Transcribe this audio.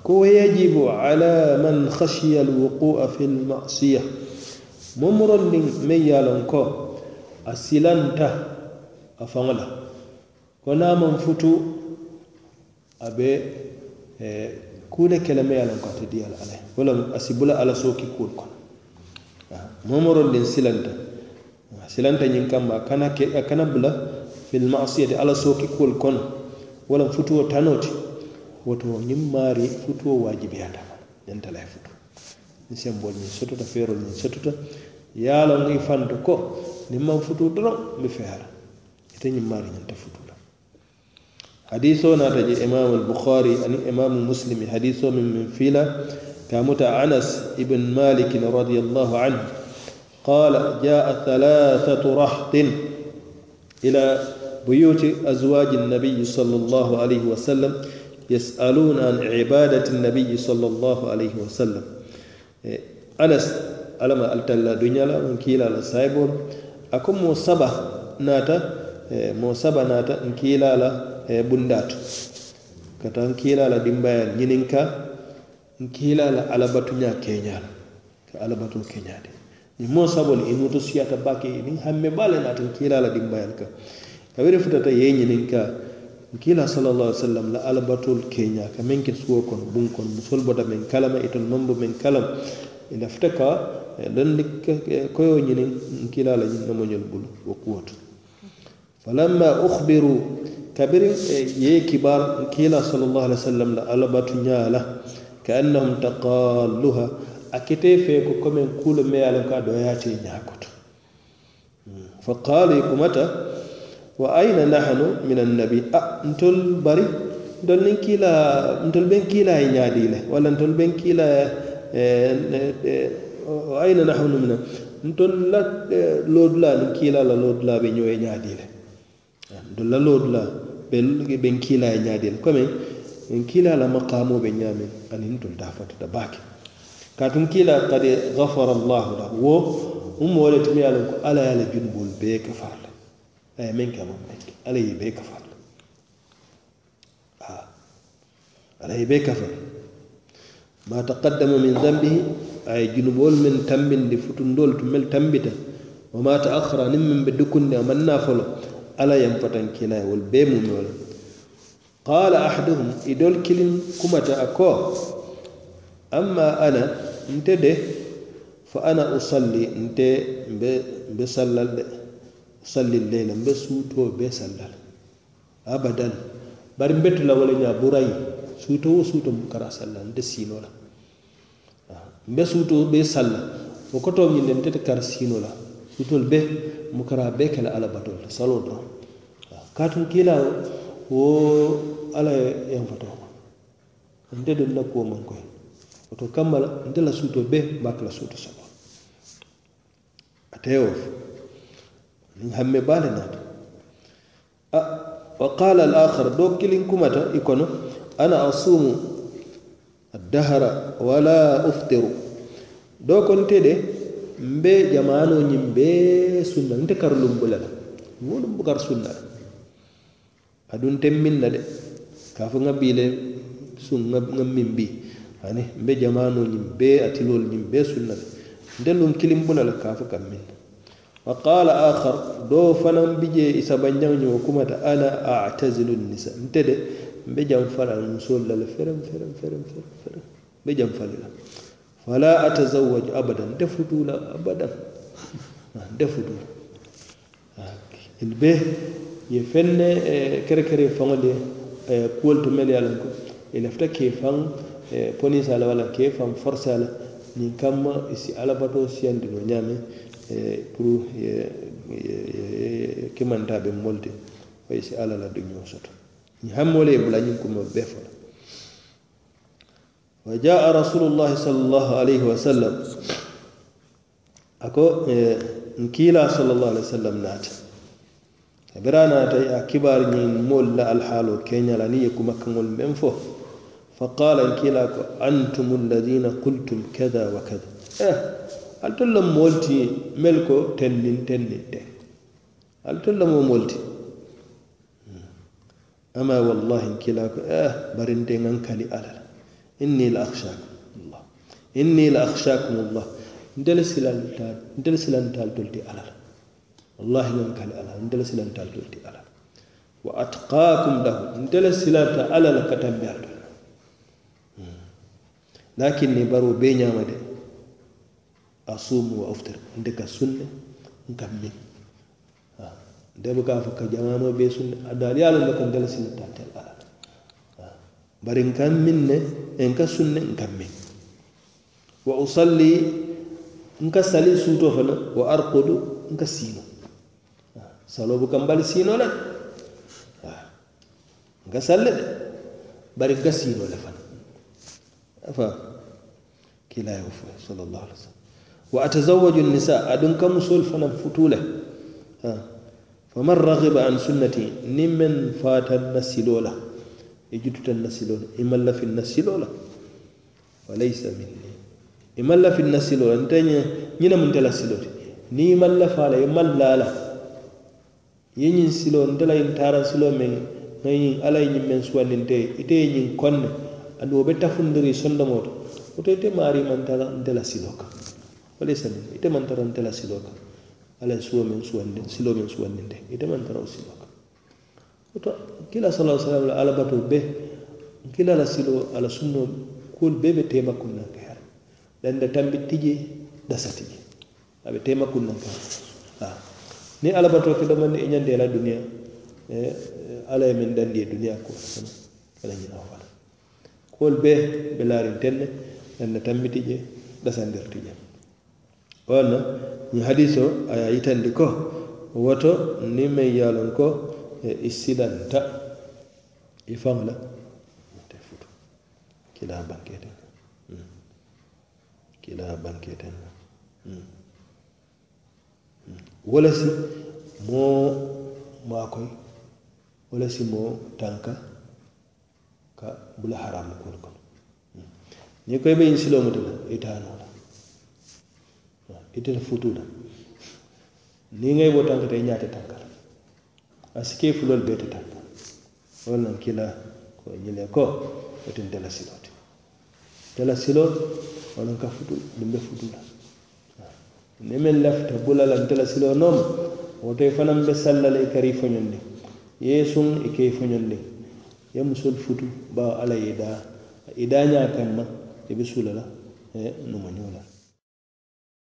ko yajibu ala man khashiya alwuqu'a fi lmasiya momoron ndin man yalon ko a silanta a fangola ko naman futu abe eh, kule kele ma yalon ko ta di ala alai wala a sibula ala soki kul ko momoron ndin silanta silanta nyin kamma kana ke kana bula fi lmasiya ala soki kul ko wala futu tanoti woto ñiŋ maari futuo waajibiyatama ñanta la ye futu niŋ senboolu ñiŋ sotuta feerolu ñiŋ sotuta ye a loŋ i fanto ko niŋ maŋ futu doroŋ mi feera ite ñiŋ maari ta futu la hadisoo naata je imamu albukhari ani imamu muslimi hadisoo min min fiila كامت أنس بن مالك رضي الله عنه قال جاء ثلاثة رهط إلى بيوت أزواج النبي صلى الله عليه وسلم yasaluna an ibadati nabiyi sall llah alayhi wa sallam anas alama altalla duñala on kiilala saybo ako mo saba naata mo saba naata n kiilala bundatu kata n kiilala dimbayal ñininka n kiilala alabatuña keñala ka alabatu keñade mo sabol inuto siyata bake ni hamme bale naata n kiilala dimbayal ka kawire futata ye ñininka kila sallallahu alaihi wasallam la albatol keña ka min ke suwo kon bun kon musol bota min kalama e ton mambo min kalam ina fta ka e don e koyo ñinin kila la ñin namoñol bulu wo kuwoto falamma ukhbiru kabiri e ye kibar kila sallallahu alaihi wasallam la albatu ñala ka annahum taqalluha akite fe ko komin kulo meyalan ka do yaati ñakoto hmm. fa qali kumata wa aina nahanu min annabi a ntol bari ntol nin kila ntol ɓen kila e ñaadile walla ntol ɓen kila e, e, e, wa aina nahanu mina ntol la lodula nin kila la lodula ɓe ñoye ñaadile ntol la lodula ɓen kila e ñaadile comme en kila la maqamo ɓe ñaamin ani ntol dafata da baake katum kila kadi ghafara llahu la wo umma wole timi alan ko ala yala junbol be ka farla ay eh, min kam mek alay be kafal ah alay be kafal ma taqaddama min dhanbi ay junubol min tambindi futundol to mel tambita wa ma ta'akhkhara nim min bidukunni amanna folo ala yam patan kina e wol be mum wol qala ahaduhum idol kilin kumata ako amma ana ntede fa ana usalli nte be be sallal de sallil layla mbe suuto be sallal abadan bari mbetu la wala e nya buray suuto wo suuto mu kara sallal de sino la mbe suuto be salla o koto ñi nen tete kar sino la suutol be mu kara be kala ala batol salo do katun kila wo ala yang e, e fato nde do na ko man ko oto kamala nde la suuto be mbak la suuto sa ateo hamme baale naata wa qala al akhar do kilin kumata ikono ana asumu addahara wala uftiru do kon tede mbe jamano nyim be sunna nte karlum bulala wonu bugar sunna adun temminna de kafa ngabile sun ngab ngammin bi ani mbe jamano nyim be atilol nyim be sunna de ndelum kilim bulala kafa kammin wa qala akhar do fanan bije isa banyanyo kumata ana a'tazilu nisa ntede mbe jam fala musul dal ferem ferem ferem ferem ferem mbe jam fala fala atazawwaj abadan defutu la abadan defutu ah, ilbe ye fenne e kere kere fangode e kool to mel yalan ko elefta ke fang e, e police ala wala ke fang force ala ni kam isi alabato siandino nyame pour e e, e, kimanta ɓe molde way si ala la duño soto hammole e bulañin kuma befola wa jaa rasulullahi salallahu alayhi wa sallam ako n kiila salallahu alayhi wa sallam naata abira naatay a kibaar ñin molla alhaalo keñala ni ye kumakkaŋol men fo fa qaala n kiila ko antum alladina qultum kada wa kada eh, alto la molti mel ko tennin tennin te alto la mo molti hmm. ama wallahi kila ko a eh, barinde ngan kali alal inni la akhshakum allah inni la akhshakum allah ndel silanta ndel silanta dolti alal wallahi ngan kali alal ndel silanta dolti alal wa atqakum lahu ndel silanta alal katambe alal hmm. lakin ni baro be nyama de hmm. a suumu wa oftere ndeka sunne ngam min ndeɓe ka fo ka jamanoɓe sunne adaal yaala ndoka ndela sinata tel ala bari kam min ne en ka sunne ngam min wa usalli nka sali suuto fana wa arkudu nka siino saloobu kam bali siino le nka salle de bari nka siino le fana afa kilayo fo sallallahu alaihi wasallam wa atazawwaju an-nisa adun kam sul fana futula ha faman raghiba an sunnati nimman fata nasilola ijututan e nasilola imalla e fi nasilola wa laysa minni imalla e fi nasilola ntanya nyina mun tala silote ni imalla fala imallala yinyin silo ntala intara silo men ngayi ala yinyin men suwaninte ite yinyin konne adu obetta fundiri sondamoto utete mari mantala ntala silo kama Pale sani, ite mantaran tela siloka. Ale suwa men suwa nende, silo men suwa nende. Ite mantara o siloka. Oto, kila salam salam la ala batu be, kila la silo ala sunno kun be tema kunna kaya. Lenda tambi tiji, dasar tiji. Abi tema kunna kaya. Ah. Ni ala batu kita mani enyan dela dunia, eh, ala yang mendan dia dunia aku. Kala nyina wala. Kul be, belarin tenne, lenda tambi dasar dasa der tiji. walla ñi hadiso aya yitandi ko woto ni men yaalon ko e isilanta i famla te futu kila banketen hmm. kila banketen hmm. Hmm. wala si mo makoy wala si mo tanka ka bula haram kon kon ni koy be insilomu dina itanola itel futuna ni ngay wo tank tay ñaate tankal asi kee fulol beete tank wol nan kila ko ñile ko otin dela siloti dela silo onon ka futu dumbe futuna ne men lafta bulalan dela silo noom wotoy fanan be sallala i e kari foñonde yeesun i e kei foñonde ye musol futu bawo ala yeda ida ñaa kam ma ibe e sulala e numa ñoolal